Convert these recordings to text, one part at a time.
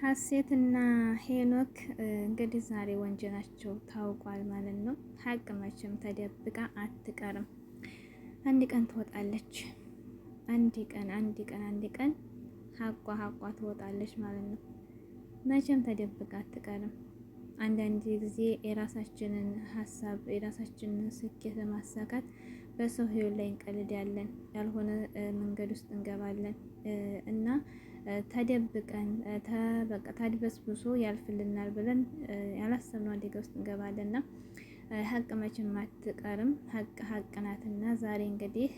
ሀሴት ሄኖክ እንግዲህ ዛሬ ወንጀላቸው ታውቋል ማለት ነው። ሀቅ መቼም ተደብቃ አትቀርም። አንድ ቀን ትወጣለች። አንድ ቀን አንድ ቀን አንድ ቀን ሀቋ ሀቋ ትወጣለች ማለት ነው። መቼም ተደብቃ አትቀርም። አንዳንድ ጊዜ የራሳችንን ሀሳብ የራሳችንን ስኬት ማሳካት በሰው ህይወት ላይ እንቀልዳለን፣ ያልሆነ መንገድ ውስጥ እንገባለን እና ተደብቀን በቃ ታድበስብሶ ያልፍልናል ብለን ያላሰብነው አደጋ ውስጥ እንገባለን ና ሀቅ መቼም አትቀርም፣ ሀቅ ሀቅ ዛሬ እንግዲህ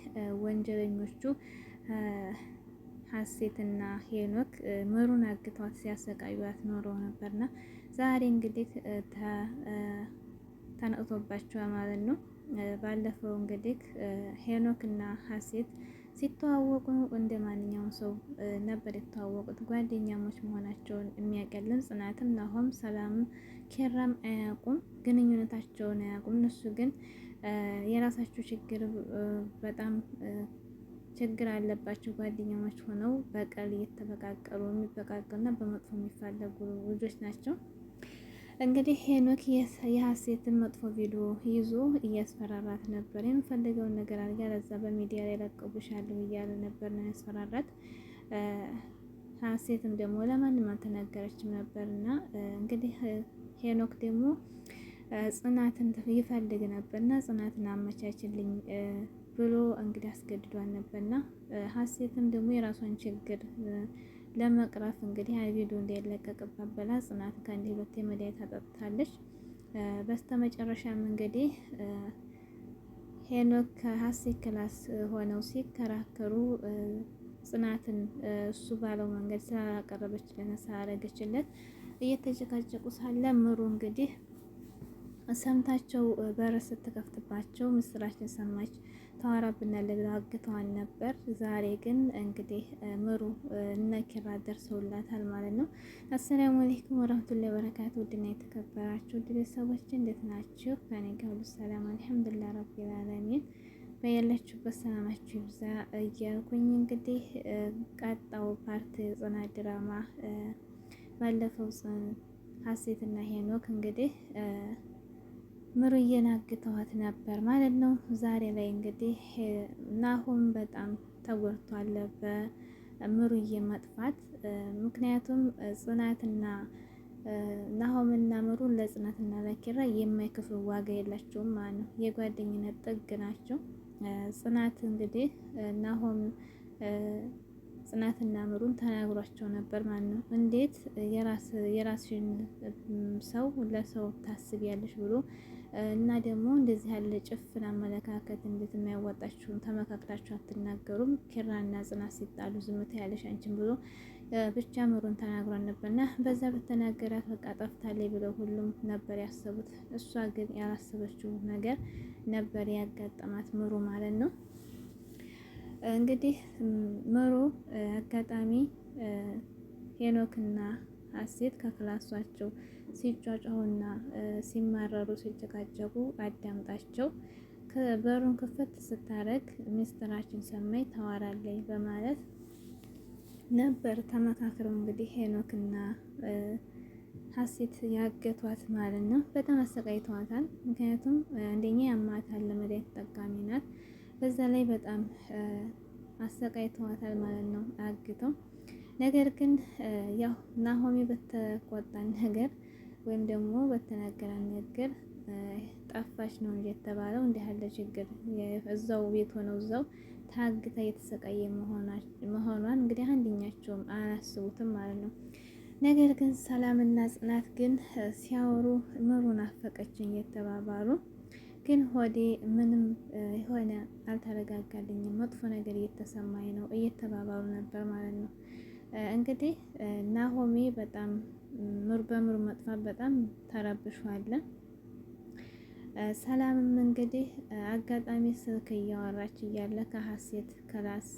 ወንጀለኞቹ ሀሴትና ሄኖክ ምሩን አግቷት ሲያሰቃዩት ኖረው ነበርና ዛሬ እንግዲህ ተነቅቶባቸዋል ማለት ነው። ባለፈው እንግዲህ ሄኖክና ሀሴት ሲተዋወቁ እንደ ማንኛውም ሰው ነበር የተዋወቁት። ጓደኛሞች መሆናቸውን የሚያቀልም ጽናትም፣ ናሆም፣ ሰላም ኬራም አያውቁም፣ ግንኙነታቸውን አያውቁም። እነሱ ግን የራሳቸው ችግር በጣም ችግር አለባቸው። ጓደኛሞች ሆነው በቀል እየተበቃቀሉ የሚበቃቀሉና በመጥፎ የሚፋለጉ ልጆች ናቸው። እንግዲህ ሄኖክ የሀሴትን መጥፎ ቪዲዮ ይዞ እያስፈራራት ነበር። የምፈልገውን ነገር አድርጊ ለዛ በሚዲያ ላይ ለቅቡሻለሁ እያለ ነበር ነው ያስፈራራት። ሀሴትም ደግሞ ለማንም አልተናገረችም ነበር እና እንግዲህ ሄኖክ ደግሞ ጽናትን ይፈልግ ነበር እና ጽናትን አመቻችልኝ ብሎ እንግዲህ አስገድዷል ነበርና ሀሴትም ደግሞ የራሷን ችግር ለመቅረፍ እንግዲህ ቪዲዮ እንዳይለቀቅባት ብላ ጽናት ከአንድ ሁለቴ መድኃኒት አጠጥታለች። በስተመጨረሻም እንግዲህ ሄኖክ ከሀሴት ክላስ ሆነው ሲከራከሩ ጽናትን እሱ ባለው መንገድ ለነሳ አረገችለት እየተጨቃጨቁ ሳለ ምሩ እንግዲህ ሰምታቸው በር ስትከፍትባቸው ምስራችን ሰማች። ተዋራብናለች አግተዋን ነበር። ዛሬ ግን እንግዲህ ምሩ እነ ኪራ ደርሰውላታል ማለት ነው። አሰላሙ አለይኩም ወራህመቱላሂ ወበረካቱ። ውድና የተከበራችሁ ውድ ቤተሰቦች እንዴት ናችሁ? ከኔ ጋር ሁሉ ሰላም አልሐምዱሊላህ ረቢል ዓለሚን። በያላችሁበት ሰላማችሁ ይብዛ እያልኩኝ እንግዲህ ቀጣው ፓርት ጽናት ድራማ ባለፈው ሀሴትና ሄኖክ እንግዲህ ምሩ እየናግተዋት ነበር ማለት ነው። ዛሬ ላይ እንግዲህ ናሁም በጣም ተጎድቷል በምሩዬ መጥፋት። ምክንያቱም ጽናትና ናሆምና ምሩ ለጽናትና ለኪራ የማይክፍ ዋጋ የላቸውም ማለት ነው። የጓደኝነት ጥግ ናቸው። ጽናት እንግዲህ ናሆም ጽናትና ምሩን ተናግሯቸው ነበር ማለት ነው። እንዴት የራስሽን ሰው ለሰው ያለሽ ብሎ እና ደግሞ እንደዚህ ያለ ጭፍን አመለካከት እንዴት የሚያዋጣችሁን ተመካክላችሁ አትናገሩም? ኪራና ጽናት ሲጣሉ ዝምታ ያለሽ አንቺን ብሎ ብቻ ምሩን ተናግሯን ነበርና በዛ በተናገራት በቃ ጠፍታለች ብለው ሁሉም ነበር ያሰቡት። እሷ ግን ያላሰበችው ነገር ነበር ያጋጠማት ምሩ ማለት ነው። እንግዲህ ምሩ አጋጣሚ ሄኖክና አሴት ከክላሷቸው ሲጫጫሁና ሲማረሩ ሲጨቃጨቁ አዳምጣቸው በሩን ክፍት ስታረግ ሚስጥራችን ሰማይ ታዋራለኝ በማለት ነበር ተመካክረው እንግዲህ ሄኖክና ሀሴት ያገቷት ማለት ነው። በጣም አሰቃይተዋታል። ምክንያቱም አንደኛ ያማታል፣ ለመድኃኒት ተጠቃሚ ናት። በዛ ላይ በጣም አሰቃይተዋታል ማለት ነው አግተው። ነገር ግን ያው ናሆሚ በተቆጣን ነገር ወይም ደግሞ በተናገረ ነገር ጠፋች ነው እንጂ የተባለው እንዲህ ያለ ችግር እዛው ቤት ሆነው እዛው ታግታ እየተሰቃየ መሆኗን እንግዲህ አንደኛቸውም አያስቡትም ማለት ነው። ነገር ግን ሰላምና ጽናት ግን ሲያወሩ ምሩ ናፈቀችን እየተባባሉ ግን ሆዴ ምንም የሆነ አልተረጋጋልኝም፣ መጥፎ ነገር እየተሰማኝ ነው እየተባባሉ ነበር ማለት ነው። እንግዲህ ናሆሜ በጣም ምር በምር መጥፋት በጣም ተረብሿል። ሰላምም እንግዲህ አጋጣሚ ስልክ እያወራች እያለ ከሀሴት ክላስ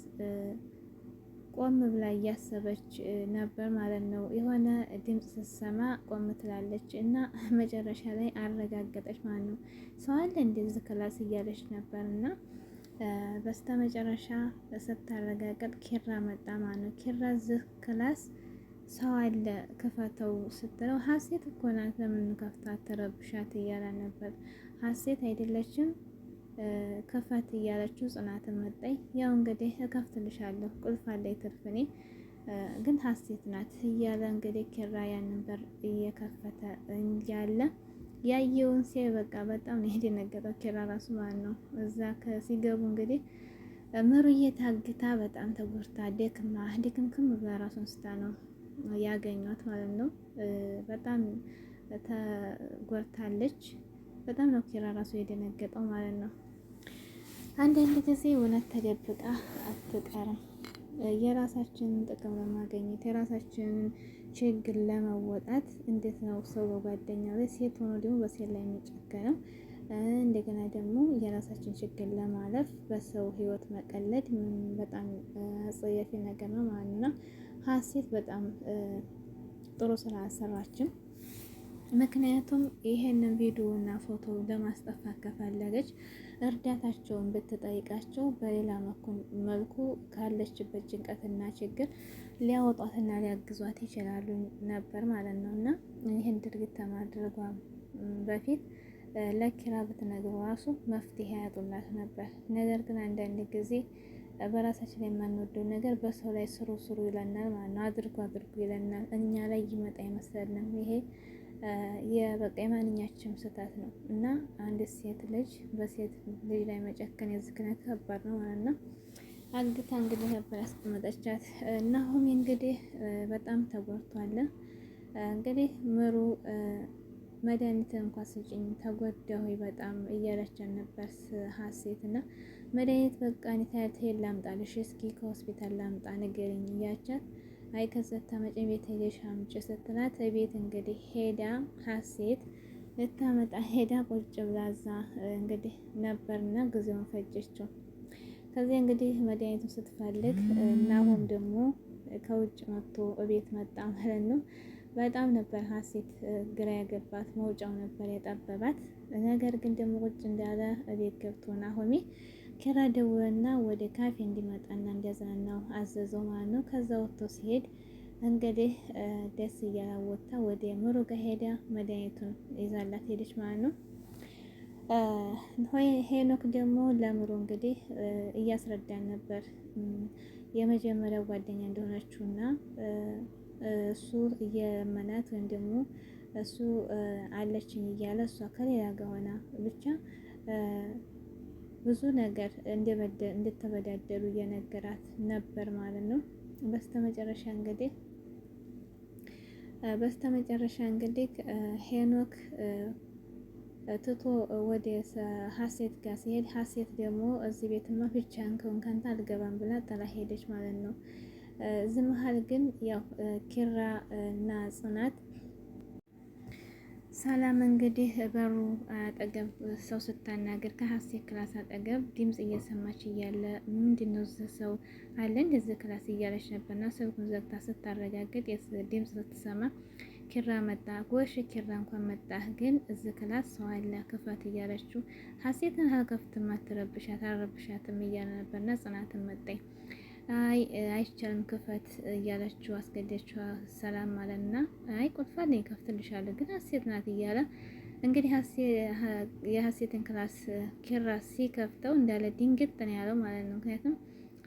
ቆም ብላ እያሰበች ነበር ማለት ነው። የሆነ ድምፅ ስትሰማ ቆም ትላለች እና መጨረሻ ላይ አረጋገጠች ማለት ነው። ሰው አለ እንደዚህ ክላስ እያለች ነበር እና በስተ መጨረሻ ስታረጋገጥ ኪራ መጣ ማለት ነው። ኪራ ዝህ ክላስ ሰው አለ ክፈተው ስትለው ሀሴት እኮ ናት ለምን ከፍታ ተረብሻት እያለ ነበር። ሀሴት አይደለችም ከፈት እያለችው ጽናትን መጣይ ያው እንግዲህ እከፍትልሻለሁ ቁልፍ አለ ትርፍ ግን ሀሴት ናት እያለ እንግዲህ ኪራ ያንን በር እየከፈተ እያለ ያየውን ሴ በቃ በጣም ነው የደነገጠው ኪራ ራሱ ማለት ነው። እዛ ከሲገቡ እንግዲህ ምሩዬ ታግታ በጣም ተጎድታ ደክማ ደክምክም ብላ ራሷን ስታ ነው ያገኟት ማለት ነው። በጣም ተጎድታለች። በጣም ነው ኪራ ራሱ የደነገጠው ማለት ነው። አንዳንድ ጊዜ እውነት ተደብቃ አትቀርም። የራሳችንን ጥቅም ለማገኘት የራሳችንን ችግር ለመወጣት እንዴት ነው ሰው በጓደኛ ላይ ሴት ሆኖ ደግሞ በሴት ላይ የሚጨከነው? እንደገና ደግሞ የራሳችን ችግር ለማለፍ በሰው ህይወት መቀለድ በጣም አጸያፊ ነገር ነው ማለት ነው። ሀሴት በጣም ጥሩ ስራ አልሰራችም። ምክንያቱም ይሄንን ቪዲዮ እና ፎቶ ለማስጠፋት ከፈለገች እርዳታቸውን ብትጠይቃቸው በሌላ መልኩ ካለችበት ጭንቀትና ችግር ሊያወጧትና ሊያግዟት ይችላሉ ነበር ማለት ነው እና ይህን ድርጊት ከማድረጓ በፊት ለኪራ ብትነግሩ ራሱ መፍትሄ ያጡላት ነበር። ነገር ግን አንዳንድ ጊዜ በራሳችን የማንወደው ነገር በሰው ላይ ስሩ ስሩ ይለናል ማለት ነው። አድርጎ አድርጎ ይለናል። እኛ ላይ ይመጣ ይመስለናል ይሄ የበቃ የማንኛችም ስህተት ነው እና አንድ ሴት ልጅ በሴት ልጅ ላይ መጨከን የዝክነ ከባድ ነው ማለት ነው። አግታ እንግዲህ ነበር ያስቀመጠቻት እና ሆሜ እንግዲህ በጣም ተጎድቷል። እንግዲህ ምሩ መድኃኒት እንኳ ስጭኝ ተጎዳሁ በጣም እያለችን ነበር ሀሴት እና መድኃኒት በቃ ኒታያት ሄድ ላምጣልሽ፣ እስኪ ከሆስፒታል ላምጣ ንገሪኝ እያቻት አይ ከሰት ታመጪ ቤት ሄደሽ አምጪ ስትላት ቤት እንግዲህ ሄዳ ሀሴት ልታመጣ ሄዳ ቁጭ ብላዛ እንግዲህ ነበርና ጊዜውን ፈጀችው። ከዚህ እንግዲህ መድኃኒቱን ስትፈልግ ናሆም ደግሞ ከውጭ መጥቶ እቤት መጣ ማለት ነው። በጣም ነበር ሀሴት ግራ ያገባት፣ መውጫው ነበር የጠበባት። ነገር ግን ደግሞ ቁጭ እንዳለ እቤት ገብቶ ናሆሜ ኪራ ደውሎና ወደ ካፌ እንዲመጣና እንዲያዝናናው አዘዘው ማለት ነው። ከዛ ወጥቶ ሲሄድ እንግዲህ ደስ እያላት ወጥታ ወደ ምሩ ጋር ሄዳ መድኃኒቱን ይዛላት ሄደች ማለት ነው። ሄኖክ ደግሞ ለምሮ እንግዲህ እያስረዳን ነበር የመጀመሪያው ጓደኛ እንደሆነችው እና እሱ እየመናት ወይም ደግሞ እሱ አለችኝ እያለ እሷ ከሌላ ጋር ሆና ብቻ ብዙ ነገር እንደተበዳደሩ እየነገራት ነበር ማለት ነው። በስተመጨረሻ እንግዲህ በስተመጨረሻ እንግዲህ ሄኖክ ትቶ ወደ ሀሴት ጋር ሲሄድ ሀሴት ደግሞ እዚህ ቤትማ ብቻህን ከሆንክ አንተ አልገባም ብላ ጥላ ሄደች ማለት ነው። እዚህ መሀል ግን ያው ኪራ እና ጽናት ሰላም እንግዲህ በሩ አጠገብ ሰው ስታናገር ከሀሴት ክላስ አጠገብ ድምፅ እየሰማች እያለ ምንድን ነው እዚህ ሰው አለ እንደዚህ ክላስ እያለች ነበርና ስልኩን ዘግታ ስታረጋግጥ ድምፅ ስትሰማ ኪራ መጣ። ጎሽ ኪራ እንኳን መጣህ፣ ግን እዚህ ክላስ ሰው አለ ክፈት እያለችው ሀሴትን ከፍትም አትረብሻት አልረብሻትም እያለ ነበርና ጽናትን መጣኝ አይ አይቻልም ክፈት እያለችው አስገደችው። ሰላም አለና አይ ቁልፋል ከፍትልሻለሁ ግን ሀሴት ናት እያለ እንግዲህ የሀሴትን ክላስ ኪራ ሲከፍተው እንዳለ ድንግጥ ነው ያለው ማለት ነው። ምክንያቱም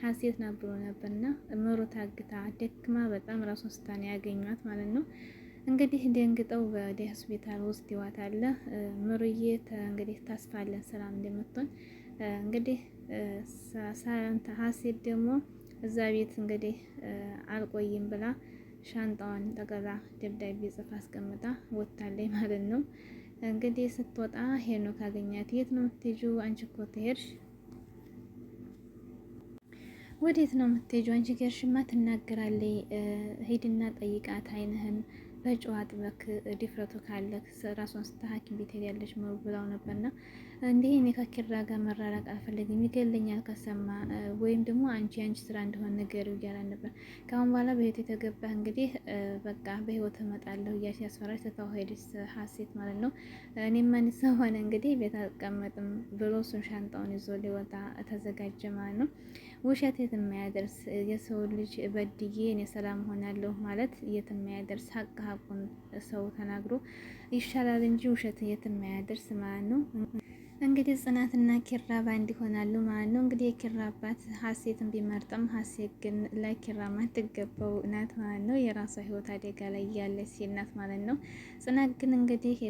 ሀሴት ናት ብሎ ነበርና ምሩ ታግታ ደክማ በጣም ራሷን ስታ ነው ያገኟት ማለት ነው። እንግዲህ ደንግጠው ወደ ሆስፒታል ውስጥ ይዋታለ። ምሩዬ እንግዲህ ታስፋለን ሰላም እንደምትሆን እንግዲህ ሀሴት ደግሞ እዛ ቤት እንግዲህ አልቆይም ብላ ሻንጣዋን ጠቅልላ ደብዳቤ ጽፋ አስቀምጣ ወጥታለች ማለት ነው። እንግዲህ ስትወጣ ሄኖክ አገኛት። የት ነው የምትሄጂው? አንቺ እኮ ወዴት ነው የምትሄጂው? አንቺ ከሄድሽማ ትናገራለች። ሂድና ጠይቃት አይንህን በጨዋ በክ ድፍረቱ ካለክ ራሷን ስታ ሐኪም ቤት ሄዳለች ብላው ነበርና እንዲህ እኔ ከኪራ ጋር መራራቅ አልፈልግም፣ ይገለኛል ከሰማ ወይም ደግሞ አንቺ አንቺ ስራ እንደሆነ ነገር እያላን ነበር። ከአሁን በኋላ በህይወት የተገባ እንግዲህ በቃ በህይወት እመጣለሁ እያልሽ ያስፈራሽ ተተዋሄድስ ሀሴት ማለት ነው። እኔ ማን ሆነ እንግዲህ ቤት አልቀመጥም ብሎ እሱን ሻንጣውን ይዞ ሊወጣ ተዘጋጀ ማለት ነው። ውሸት የት የማያደርስ የሰው ልጅ በድዬ እኔ ሰላም ሆናለሁ ማለት የት የማያደርስ ሀቅ ሀቁን ሰው ተናግሮ ይሻላል እንጂ ውሸት የት የማያደርስ ማለት ነው። እንግዲህ ጽናትና ኪራ ባንድ ይሆናሉ ማለት ነው። እንግዲህ የኪራ አባት ሀሴትን ቢመርጥም ሀሴት ግን ለኪራ ማትገባው ናት ማለት ነው። የራሷ ህይወት አደጋ ላይ ያለች ሴት ናት ማለት ነው። ጽናት ግን እንግዲህ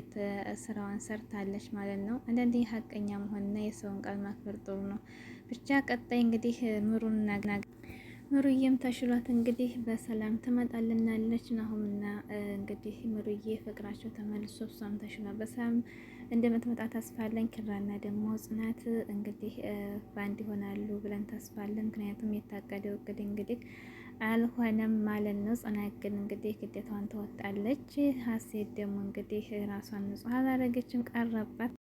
ስራዋን ሰርታለች ማለት ነው። አንዳንዴ ሀቀኛ መሆንና የሰውን ቃል ማክበር ጥሩ ነው። ብቻ ቀጣይ እንግዲህ ምሩን ምሩዬም ተሽሏት እንግዲህ በሰላም ትመጣልናለች ናሁም እንግዲህ ምሩዬ ፍቅራቸው ተመልሶ እሷም ተሽባ በሰላም እንደምትመጣ ተስፋለን። ኪራና ደግሞ ጽናት እንግዲህ በአንድ ይሆናሉ ብለን ተስፋለን። ምክንያቱም የታቀደው እቅድ እንግዲህ አልሆነም ማለት ነው። ጽናት ግን እንግዲህ ግዴታዋን ተወጣለች። ሀሴት ደግሞ እንግዲህ ራሷን ንጹሕ አላረገችም ቀረባት።